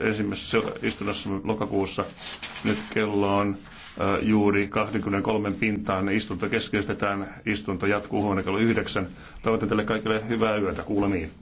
ensimmäisessä istunnossa lokakuussa. Nyt kello on juuri 23 pintaan. Istunto keskeytetään. Istunto jatkuu huone kello 9. Toivotan teille kaikille hyvää yötä. Kuulemiin.